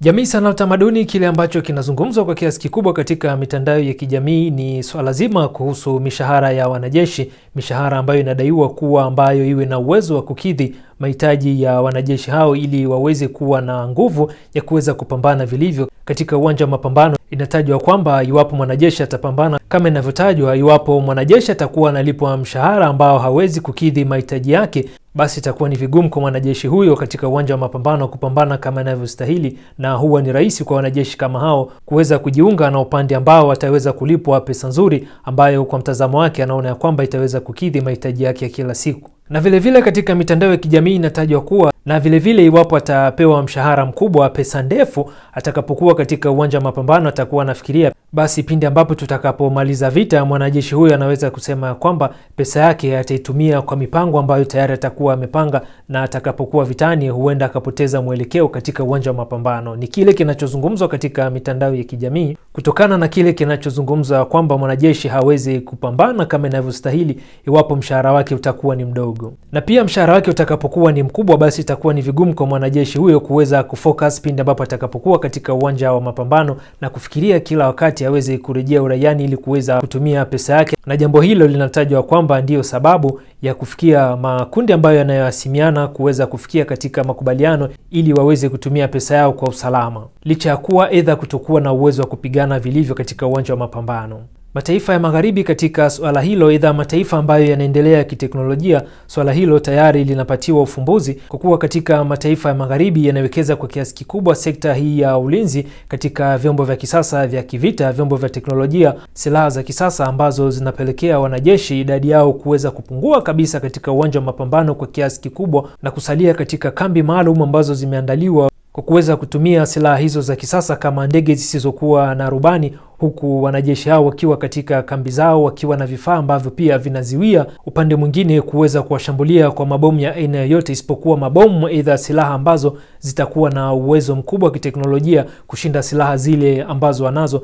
Jamii, sana, utamaduni. Kile ambacho kinazungumzwa kwa kiasi kikubwa katika mitandao ya kijamii ni swala zima kuhusu mishahara ya wanajeshi, mishahara ambayo inadaiwa kuwa ambayo iwe na uwezo wa kukidhi mahitaji ya wanajeshi hao ili waweze kuwa na nguvu ya kuweza kupambana vilivyo katika uwanja wa mapambano. Inatajwa kwamba iwapo mwanajeshi atapambana kama inavyotajwa, iwapo mwanajeshi atakuwa analipwa mshahara ambao hawezi kukidhi mahitaji yake, basi itakuwa ni vigumu kwa mwanajeshi huyo katika uwanja wa mapambano kupambana kama inavyostahili, na huwa ni rahisi kwa wanajeshi kama hao kuweza kujiunga na upande ambao ataweza kulipwa pesa nzuri, ambayo kwa mtazamo wake anaona ya kwamba itaweza kukidhi mahitaji yake ya kila siku. Na vilevile vile katika mitandao ya kijamii inatajwa kuwa na vilevile vile iwapo atapewa mshahara mkubwa, pesa ndefu, atakapokuwa katika uwanja wa mapambano atakuwa anafikiria, basi pindi ambapo tutakapomaliza vita, mwanajeshi huyo anaweza kusema kwamba pesa yake ataitumia kwa mipango ambayo tayari atakuwa amepanga, na atakapokuwa vitani, huenda akapoteza mwelekeo katika uwanja wa mapambano. Ni kile kinachozungumzwa katika mitandao ya kijamii, kutokana na kile kinachozungumzwa kwamba mwanajeshi hawezi kupambana kama inavyostahili iwapo mshahara wake utakuwa ni mdogo, na pia mshahara wake utakapokuwa ni mkubwa, basi itakuwa ni vigumu kwa mwanajeshi huyo kuweza kufocus pindi ambapo atakapokuwa katika uwanja wa mapambano na kufikiria kila wakati aweze kurejea uraiani ili kuweza kutumia pesa yake, na jambo hilo linatajwa kwamba ndiyo sababu ya kufikia makundi ambayo yanayohasimiana kuweza kufikia katika makubaliano ili waweze kutumia pesa yao kwa usalama, licha ya kuwa edha kutokuwa na uwezo wa kupigana vilivyo katika uwanja wa mapambano mataifa ya magharibi katika swala hilo, idha mataifa ambayo yanaendelea kiteknolojia, swala hilo tayari linapatiwa ufumbuzi kwa kuwa katika mataifa ya magharibi yanawekeza kwa kiasi kikubwa sekta hii ya ulinzi katika vyombo vya kisasa vya kivita, vyombo vya teknolojia, silaha za kisasa ambazo zinapelekea wanajeshi idadi yao kuweza kupungua kabisa katika uwanja wa mapambano kwa kiasi kikubwa na kusalia katika kambi maalum ambazo zimeandaliwa kwa kuweza kutumia silaha hizo za kisasa kama ndege zisizokuwa na rubani huku wanajeshi hao wakiwa katika kambi zao wakiwa na vifaa ambavyo pia vinaziwia upande mwingine kuweza kuwashambulia kwa mabomu ya aina yoyote isipokuwa mabomu aidha silaha ambazo zitakuwa na uwezo mkubwa wa kiteknolojia kushinda silaha zile ambazo wanazo.